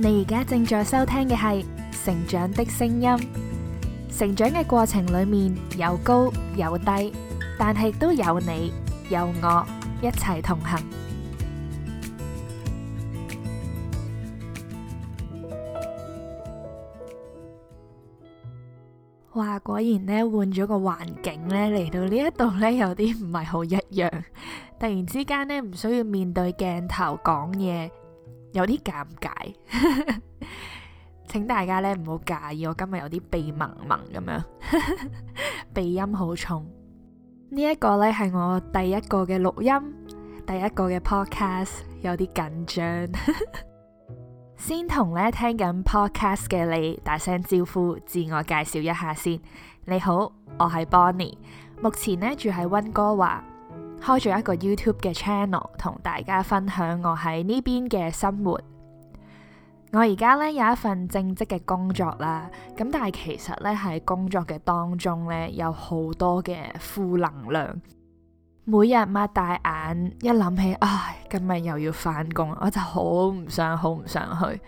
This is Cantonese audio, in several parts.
你而家正在收聽嘅係《成長的聲音》，成長嘅過程裏面有高有低，但係都有你有我一齊同行。哇，果然呢，換咗個環境呢，嚟到呢一度呢，有啲唔係好一樣， 突然之間呢，唔需要面對鏡頭講嘢。有啲尷尬， 請大家咧唔好介意我今日有啲鼻蒙蒙咁樣，鼻音好重。呢、呢、一個呢係我第一個嘅錄音，第一個嘅 podcast，有啲緊張。先同咧聽緊 podcast 嘅你打聲招呼，自我介紹一下先。你好，我係 Bonnie，目前呢住喺溫哥華。開咗一個 YouTube 嘅 channel，同大家分享我喺呢邊嘅生活。我而家呢有一份正職嘅工作啦，咁但係其實呢喺工作嘅當中呢，有好多嘅負能量。每日擘大眼，一諗起唉，今日又要返工，我就好唔想，好唔想去。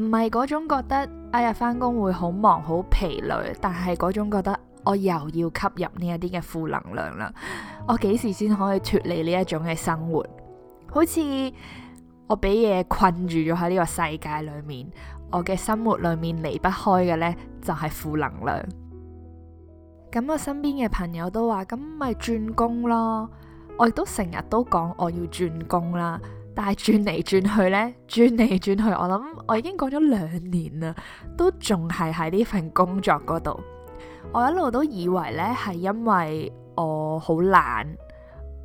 唔係嗰種覺得，哎呀返工會好忙好疲累，但係嗰種覺得。我又要吸入呢一啲嘅負能量啦，我幾時先可以脫離呢一種嘅生活？好似我俾嘢困住咗喺呢個世界裏面，我嘅生活裏面離不開嘅呢，就係負能量。咁我身邊嘅朋友都話，咁咪轉工咯。我亦都成日都講我要轉工啦，但係轉嚟轉去呢，轉嚟轉去，我諗我已經講咗兩年啦，都仲係喺呢份工作嗰度。我一路都以為咧係因為我好懶，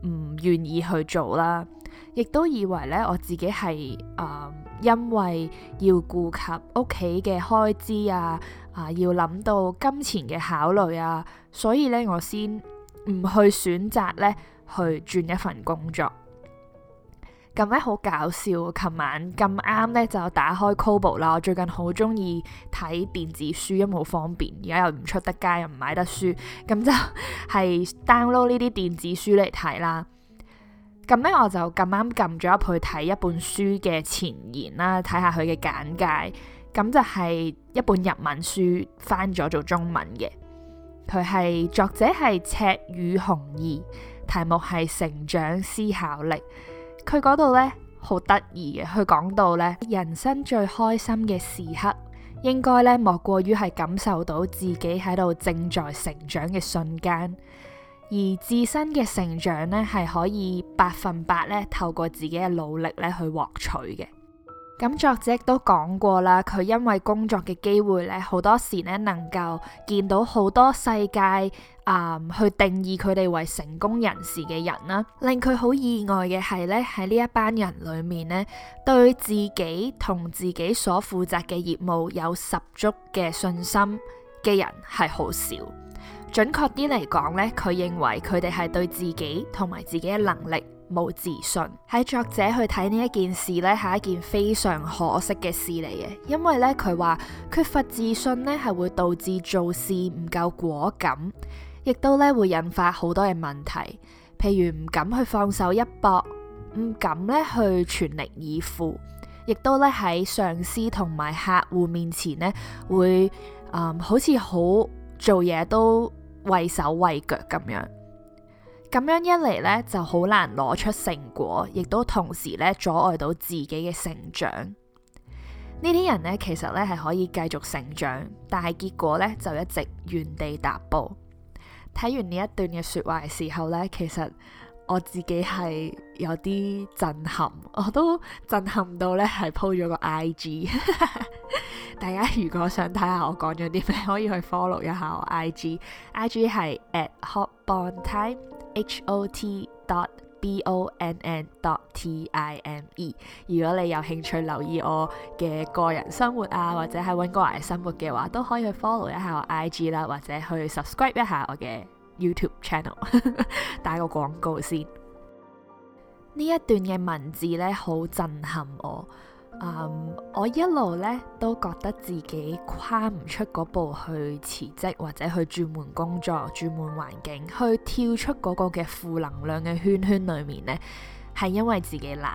唔願意去做啦，亦都以為咧我自己係誒、呃、因為要顧及屋企嘅開支啊，啊要諗到金錢嘅考慮啊，所以咧我先唔去選擇咧去轉一份工作。咁咧好搞笑。琴晚咁啱咧就打開 Kobo 啦。我最近好中意睇電子書，因為好方便。而家又唔出得街，又唔買得書，咁、嗯、就係、是、download 呢啲電子書嚟睇啦。咁、嗯、咧我就咁啱撳咗入去睇一本書嘅前言啦，睇下佢嘅簡介。咁、嗯、就係、是、一本日文書翻咗做中文嘅。佢係作者係赤羽雄二，題目係成長思考力。佢嗰度呢，好得意嘅，佢講到呢，人生最開心嘅時刻，應該呢，莫過於係感受到自己喺度正在成長嘅瞬間，而自身嘅成長呢，係可以百分百呢透過自己嘅努力咧去獲取嘅。咁作者亦都講過啦，佢因為工作嘅機會呢，好多時呢能夠見到好多世界啊，去定義佢哋為成功人士嘅人啦。令佢好意外嘅係呢，喺呢一班人裡面呢，對自己同自己所負責嘅業務有十足嘅信心嘅人係好少。準確啲嚟講呢，佢認為佢哋係對自己同埋自己嘅能力，冇自信，喺作者去睇呢一件事咧，係一件非常可惜嘅事嚟嘅。因為咧佢話缺乏自信咧，係會導致做事唔夠果敢，亦都咧會引發好多嘅問題，譬如唔敢去放手一搏，唔敢咧去全力以赴，亦都咧喺上司同埋客戶面前咧，會啊、嗯、好似好做嘢都畏手畏腳咁樣。咁樣一嚟呢，就好難攞出成果，亦都同時呢，阻礙到自己嘅成長。呢啲人呢，其實呢，係可以繼續成長，但係結果呢，就一直原地踏步。睇完呢一段嘅說話嘅時候呢，其實我自己係有啲震撼，我都震撼到呢，係 po 咗個 IG。 大家如果想睇下我講咗啲咩，可以去 follow 一下我 IG，IG 係 at hot bonn time h o t dot b o n n dot t i m e。如果你有興趣留意我嘅個人生活啊，或者係搵個人生活嘅話，都可以去 follow 一下我 IG 啦，或者去 subscribe 一下我嘅 YouTube channel。打個廣告先。呢一段嘅文字呢，好震撼我。嗯，um, 我一路咧都覺得自己跨唔出嗰步去辭職或者去轉換工作、轉換環境去跳出嗰個嘅負能量嘅圈圈裏面呢係因為自己懶，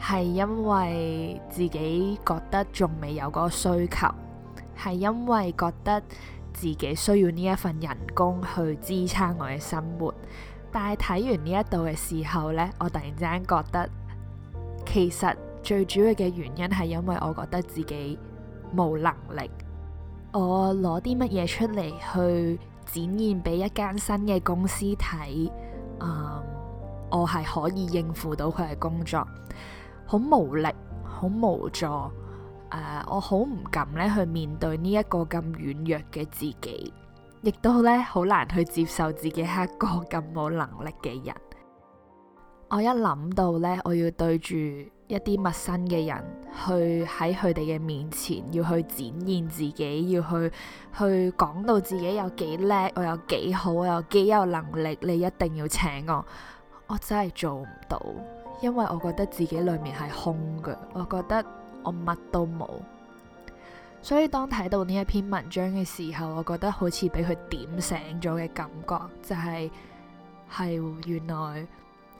係因為自己覺得仲未有嗰個需求，係因為覺得自己需要呢一份人工去支撐我嘅生活。但係睇完呢一度嘅時候呢我突然之間覺得其實。最主要嘅原因係因為我覺得自己冇能力，我攞啲乜嘢出嚟去展現俾一間新嘅公司睇，嗯，我係可以應付到佢嘅工作，好無力，好無助，誒、嗯，我好唔敢咧去面對呢一個咁軟弱嘅自己，亦都咧好難去接受自己係一個咁冇能力嘅人。我一諗到咧，我要對住。一啲陌生嘅人，去喺佢哋嘅面前，要去展現自己，要去去講到自己有幾叻，我有幾好，我有幾有能力，你一定要請我，我真係做唔到，因為我覺得自己裏面係空嘅，我覺得我乜都冇，所以當睇到呢一篇文章嘅時候，我覺得好似俾佢點醒咗嘅感覺，就係就係係原來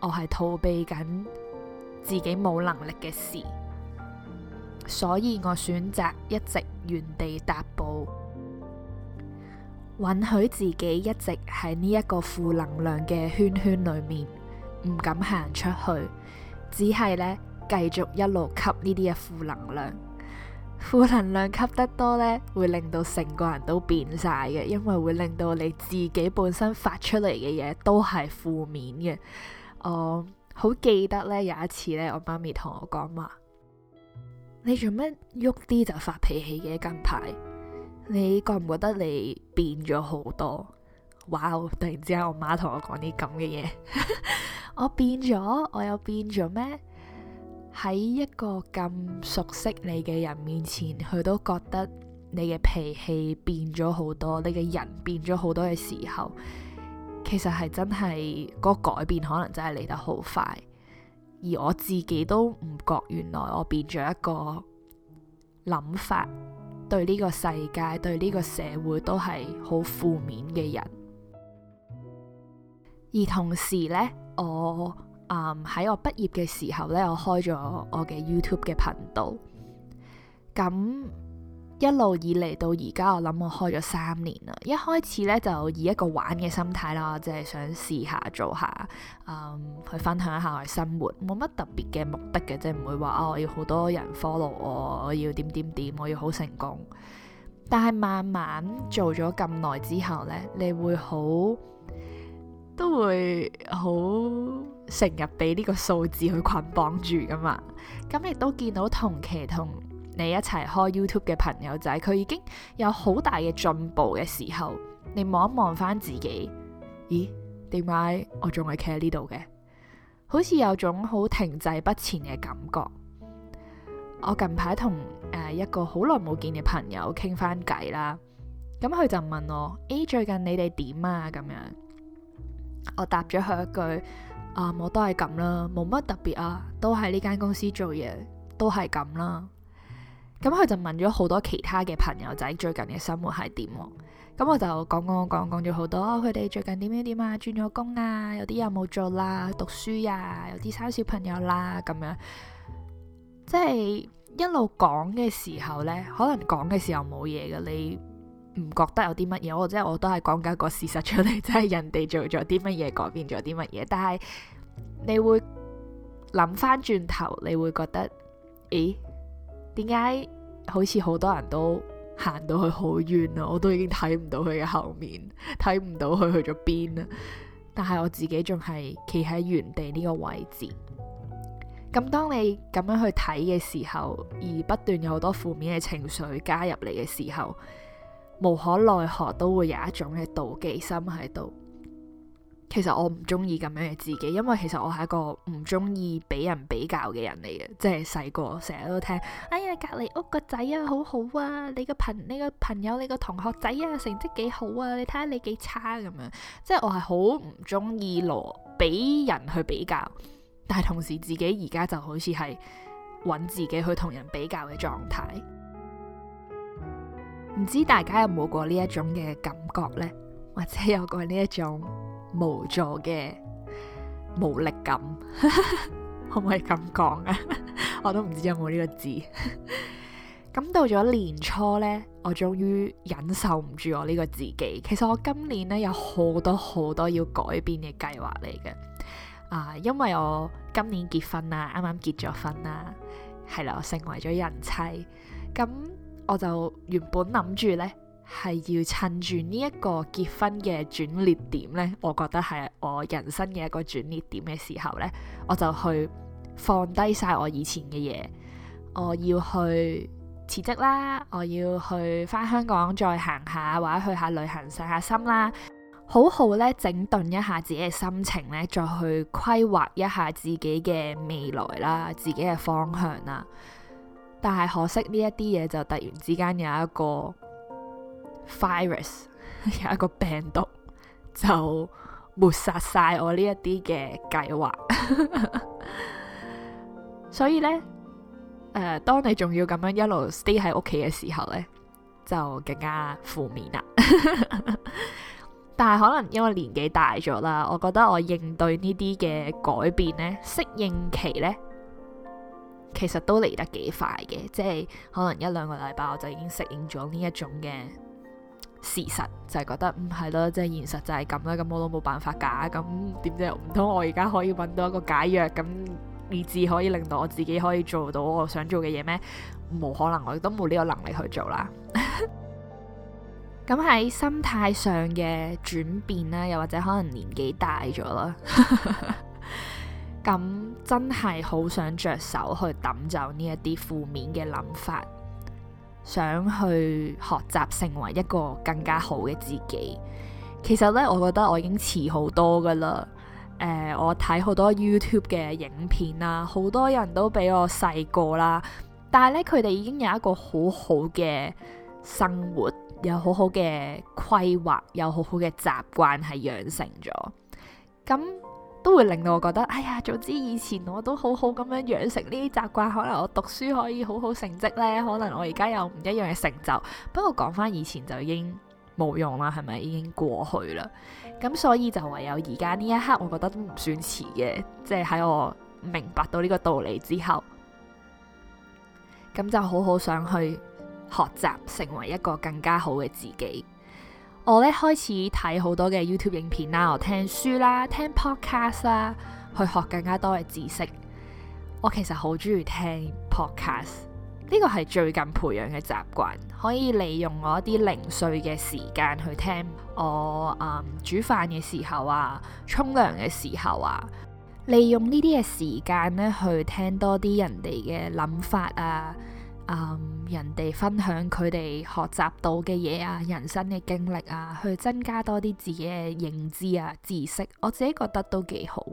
我係逃避緊自己冇能力嘅事，所以我選擇一直原地踏步，允許自己一直喺呢一個負能量嘅圈圈裏面，唔敢行出去，只係呢，繼續一路吸呢啲嘅負能量。負能量吸得多呢，會令到成個人都變晒嘅，因為會令到你自己本身發出嚟嘅嘢都係負面嘅。哦。好記得咧，有一次咧，我媽咪同我講話：你做乜喐啲就發脾氣嘅？近排你覺唔覺得你變咗好多？哇、wow！突然之間，我媽同我講啲咁嘅嘢， 我變咗，我又變咗咩？喺一個咁熟悉你嘅人面前，佢都覺得你嘅脾氣變咗好多，你嘅人變咗好多嘅時候。其實係真係嗰個改變，可能真係嚟得好快，而我自己都唔覺原來我變咗一個諗法，對呢個世界、對呢個社會都係好負面嘅人。而同時呢，我嗯喺我畢業嘅時候呢，我開咗我嘅 YouTube 嘅頻道，咁。一路以嚟到而家，我諗我開咗三年啦。一開始呢，就以一個玩嘅心態啦，即係想試下做下、嗯，去分享一下我生活，冇乜特別嘅目的嘅，即係唔會話啊、哦，我要好多人 follow 我，我要點點點，我要好成功。但係慢慢做咗咁耐之後呢，你會好都會好成日俾呢個數字去捆綁住噶嘛。咁亦都見到同期同。你一齊開 YouTube 嘅朋友仔，佢已經有好大嘅進步嘅時候，你望一望翻自己，咦？點解我仲係企喺呢度嘅？好似有種好停滯不前嘅感覺。我近排同誒一個好耐冇見嘅朋友傾翻偈啦，咁、嗯、佢就問我：，誒、欸、最近你哋點啊？咁樣，我答咗佢一句：，啊、嗯，我都係咁啦，冇乜特別啊，都喺呢間公司做嘢，都係咁啦。咁佢就問咗好多其他嘅朋友仔最近嘅生活係點？咁我就講講講講咗好多，佢哋最近點樣點啊，轉咗工啊，有啲有冇做啦，讀書啊，有啲生小朋友啦，咁樣，即係一路講嘅時候呢，可能講嘅時候冇嘢噶，你唔覺得有啲乜嘢？我即係我都係講緊個事實出嚟，即係人哋做咗啲乜嘢，改變咗啲乜嘢。但係你會諗翻轉頭，你會覺得，咦、欸，點解？好似好多人都行到去好遠啊，我都已經睇唔到佢嘅後面，睇唔到佢去咗邊啊。但係我自己仲係企喺原地呢個位置。咁當你咁樣去睇嘅時候，而不斷有好多負面嘅情緒加入嚟嘅時候，無可奈何都會有一種嘅妒忌心喺度。其實我唔中意咁樣嘅自己，因為其實我係一個唔中意俾人比較嘅人嚟嘅。即係細個成日都聽，哎呀隔籬屋個仔啊好好啊，你個朋你個朋友你個同學仔啊成績幾好啊，你睇下你幾差咁樣，即係我係好唔中意咯，俾人去比較，但係同時自己而家就好似係揾自己去同人比較嘅狀態，唔知大家有冇過呢一種嘅感覺呢？或者有過呢一種，無助嘅無力感，可唔可以咁講啊？ 我都唔知有冇呢個字。咁到咗年初呢，我終於忍受唔住我呢個自己。其實我今年呢，有好多好多要改變嘅計劃嚟嘅。啊、呃，因為我今年結婚啦，啱啱結咗婚啦，係啦，我成為咗人妻，咁我就原本諗住呢。係要趁住呢一個結婚嘅轉捩點呢，我覺得係我人生嘅一個轉捩點嘅時候呢，我就去放低晒我以前嘅嘢，我要去辭職啦，我要去返香港再行下或者去下旅行散下心啦，好好呢，整頓一下自己嘅心情呢，再去規劃一下自己嘅未來啦，自己嘅方向啦。但係可惜呢一啲嘢就突然之間有一個。Virus 有一個病毒就抹殺晒我呢一啲嘅計劃， 所以呢，誒、呃，當你仲要咁樣一路 stay 喺屋企嘅時候呢，就更加負面啦。 但係可能因為年紀大咗啦，我覺得我應對呢啲嘅改變呢，適應期呢，其實都嚟得幾快嘅，即係可能一兩個禮拜我就已經適應咗呢一種嘅。事實就係覺得唔係咯，即係現實就係咁啦，咁我都冇辦法㗎。咁點啫？唔通我而家可以揾到一個解藥，咁而至可以令到我自己可以做到我想做嘅嘢咩？冇可能，我亦都冇呢個能力去做啦。咁 喺 心態上嘅轉變啦，又或者可能年紀大咗啦。咁 真係好想着手去抌走呢一啲負面嘅諗法。想去學習成為一個更加好嘅自己。其實咧，我覺得我已經遲好多㗎喇。誒、呃，我睇好多 YouTube 嘅影片啦，好多人都比我細個啦，但係咧佢哋已經有一個好好嘅生活，有好好嘅規劃，有好好嘅習慣係養成咗。咁、嗯都會令到我覺得，哎呀，早知以前我都好好咁樣養成呢啲習慣，可能我讀書可以好好成績呢，可能我而家有唔一樣嘅成就。不過講翻以前就已經冇用啦，係咪已經過去啦？咁所以就唯有而家呢一刻，我覺得都唔算遲嘅，即係喺我明白到呢個道理之後，咁就好好想去學習，成為一個更加好嘅自己。我咧開始睇好多嘅 YouTube 影片啦，我聽書啦，聽 podcast 啦，去學更加多嘅知識。我其實好中意聽 podcast，呢個係最近培養嘅習慣，可以利用我一啲零碎嘅時間去聽我啊、嗯、煮飯嘅時候啊，沖涼嘅時候啊，利用呢啲嘅時間咧去聽多啲人哋嘅諗法啊。嗯，um, 人哋分享佢哋學習到嘅嘢啊，人生嘅經歷啊，去增加多啲自己嘅認知啊，知識，我自己覺得都幾好。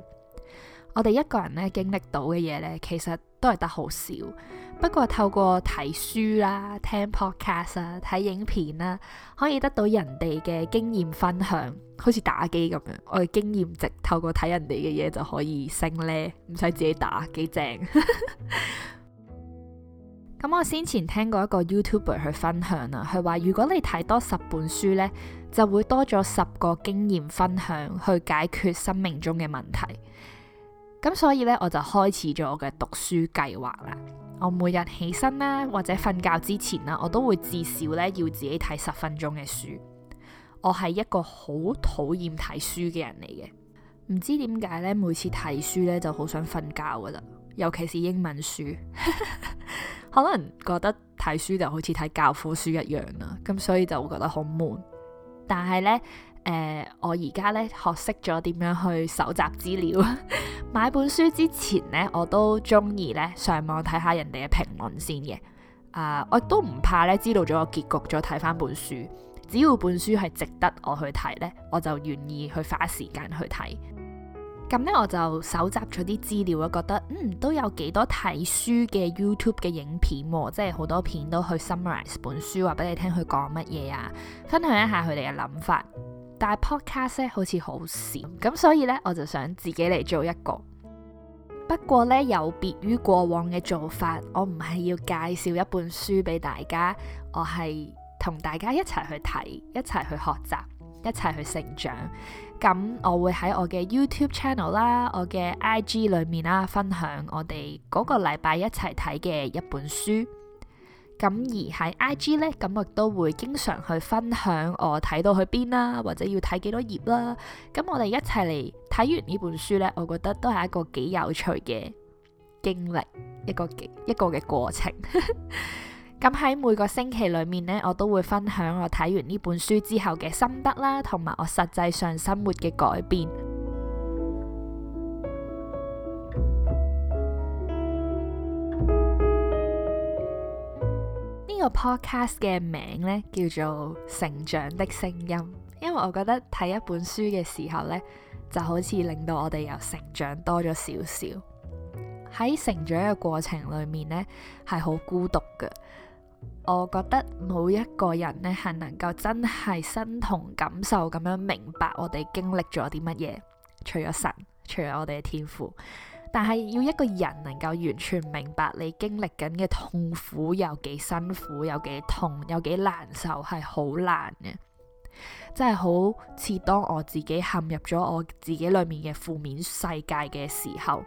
我哋一個人咧經歷到嘅嘢呢，其實都係得好少。不過透過睇書啦、啊、聽 podcast 啊、睇影片啦、啊，可以得到人哋嘅經驗分享，好似打機咁樣，我哋經驗值透過睇人哋嘅嘢就可以升呢，唔使自己打，幾正。 咁我先前聽過一個 YouTuber 去分享啦、啊，佢話如果你睇多十本書呢，就會多咗十個經驗分享去解決生命中嘅問題。咁所以呢，我就開始咗我嘅讀書計劃啦。我每日起身啦、啊，或者瞓覺之前啦、啊，我都會至少呢要自己睇十分鐘嘅書。我係一個好討厭睇書嘅人嚟嘅，唔知點解呢，每次睇書呢就好想瞓覺噶啦。尤其是英文書， 可能覺得睇書就好似睇教科書一樣啦，咁所以就會覺得好悶。但係呢，誒、呃，我而家呢學識咗點樣去搜集資料， 買本書之前呢，我都中意呢上網睇下人哋嘅評論先嘅。啊、呃，我都唔怕呢知道咗個結局再睇翻本書，只要本書係值得我去睇呢，我就願意去花時間去睇。咁咧，我就搜集咗啲資料咯，覺得嗯都有幾多睇書嘅 YouTube 嘅影片，即係好多片都去 summarize 本書，話俾你聽佢講乜嘢啊，分享一下佢哋嘅諗法。但係 podcast 咧好似好少，咁所以呢，我就想自己嚟做一個。不過呢，有別於過往嘅做法，我唔係要介紹一本書俾大家，我係同大家一齊去睇，一齊去學習，一齊去成長，咁我會喺我嘅 YouTube channel 啦，我嘅 IG 裏面啦，分享我哋嗰個禮拜一齊睇嘅一本書。咁而喺 IG 呢，咁我都會經常去分享我睇到去邊啦，或者要睇幾多頁啦。咁我哋一齊嚟睇完呢本書呢，我覺得都係一個幾有趣嘅經歷，一個嘅一個嘅過程。 咁喺每個星期裏面呢，我都會分享我睇完呢本書之後嘅心得啦，同埋我實際上生活嘅改變。呢個 podcast 嘅名呢，叫做《成長的聲音》，因為我覺得睇一本書嘅時候呢，就好似令到我哋又成長多咗少少。喺成長嘅過程裏面呢，係好孤獨㗎。我覺得冇一個人呢係能夠真係身同感受咁樣明白我哋經歷咗啲乜嘢，除咗神，除咗我哋嘅天賦。但係要一個人能夠完全明白你經歷緊嘅痛苦有幾辛苦，有幾痛，有幾難受，係好難嘅。真係好似當我自己陷入咗我自己裏面嘅負面世界嘅時候。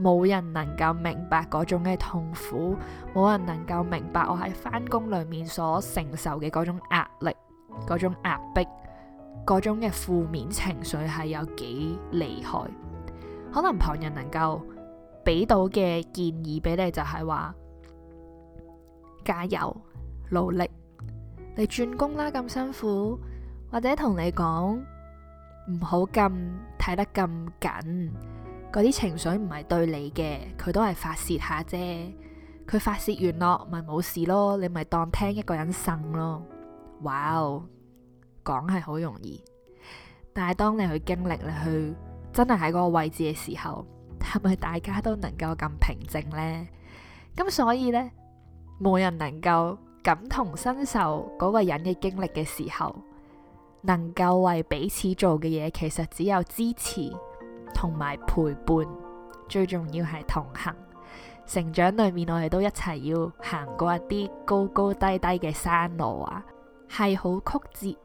冇人能夠明白嗰種嘅痛苦，冇人能夠明白我喺返工裏面所承受嘅嗰種壓力、嗰種壓迫，嗰種嘅負面情緒係有幾厲害。可能旁人能夠俾到嘅建議俾你就，就係話加油努力，你轉工啦咁辛苦，或者同你講唔好咁睇得咁緊。嗰啲情緒唔係對你嘅，佢都係發洩下啫。佢發洩完咯，咪冇事咯。你咪當聽一個人呻咯。哇哦，講係好容易，但係當你去經歷，你去真係喺嗰個位置嘅時候，係咪大家都能夠咁平靜呢？咁所以呢，冇人能夠感同身受嗰個人嘅經歷嘅時候，能夠為彼此做嘅嘢，其實只有支持。同埋陪伴，最重要係同行。成長裏面，我哋都一齊要行過一啲高高低低嘅山路啊，係好曲折。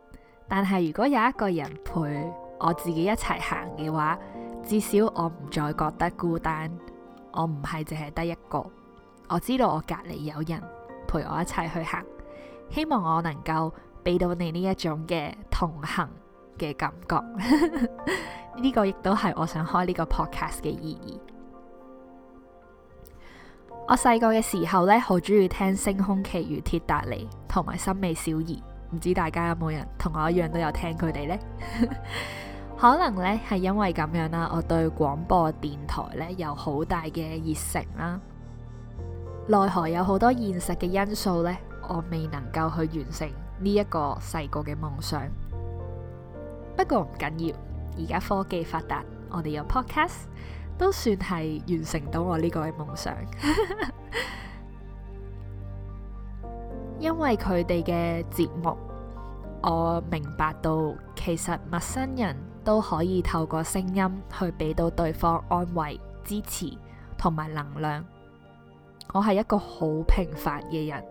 但係如果有一個人陪我自己一齊行嘅話，至少我唔再覺得孤單。我唔係淨係得一個，我知道我隔籬有人陪我一齊去行。希望我能夠俾到你呢一種嘅同行嘅感覺。 呢個亦都係我想開呢個 podcast 嘅意義。我細個嘅時候呢，好中意聽《星空奇遇》、《鐵達尼》同埋《森美小儀》，唔知大家有冇人同我一樣都有聽佢哋呢？ 可能呢係因為咁樣啦，我對廣播電台呢有好大嘅熱誠啦。奈何有好多現實嘅因素呢，我未能夠去完成呢一個細個嘅夢想。不過唔緊要。而家科技發達，我哋有 podcast 都算係完成到我呢個嘅夢想， 因為佢哋嘅節目，我明白到其實陌生人都可以透過聲音去俾到對方安慰、支持同埋能量。我係一個好平凡嘅人，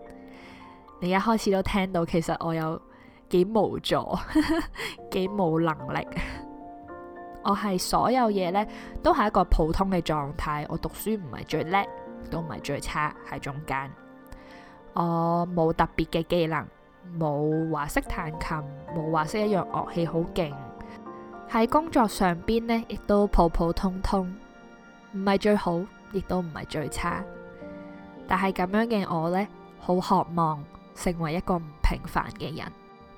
你一開始都聽到，其實我有幾無助，幾 冇能力。我係所有嘢呢都係一個普通嘅狀態。我讀書唔係最叻，都唔係最差，喺中間。我冇特別嘅技能，冇話識彈琴，冇話識一樣樂器好勁。喺工作上邊呢，亦都普普通通，唔係最好，亦都唔係最差。但係咁樣嘅我呢，好渴望成為一個唔平凡嘅人，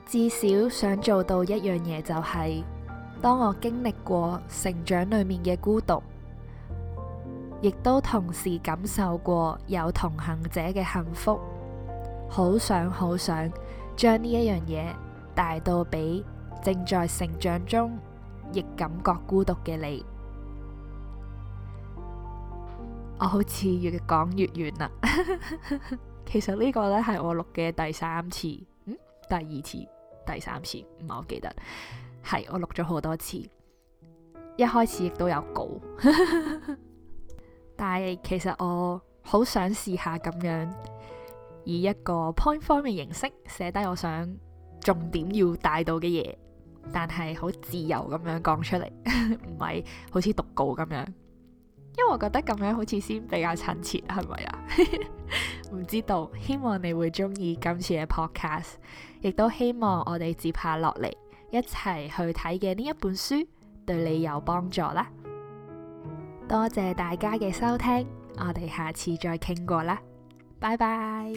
至少想做到一樣嘢就係、是。當我經歷過成長裏面嘅孤獨，亦都同時感受過有同行者嘅幸福，好想好想將呢一樣嘢帶到俾正在成長中亦感覺孤獨嘅你。我好似越講越遠啦。 其實呢個呢係我錄嘅第三次，嗯，第二次，第三次，唔係，我唔記得。係，我錄咗好多次，一開始亦都有稿， 但係其實我好想試下咁樣，以一個 point form 嘅形式寫低我想重點要帶到嘅嘢，但係好自由咁樣講出嚟，唔 係好似讀稿咁樣，因為我覺得咁樣好似先比較親切，係咪啊？唔 知道，希望你會中意今次嘅 podcast，亦都希望我哋接下落嚟。一齊去睇嘅呢一本書，對你有幫助啦。多謝大家嘅收聽，我哋下次再傾過啦，拜拜。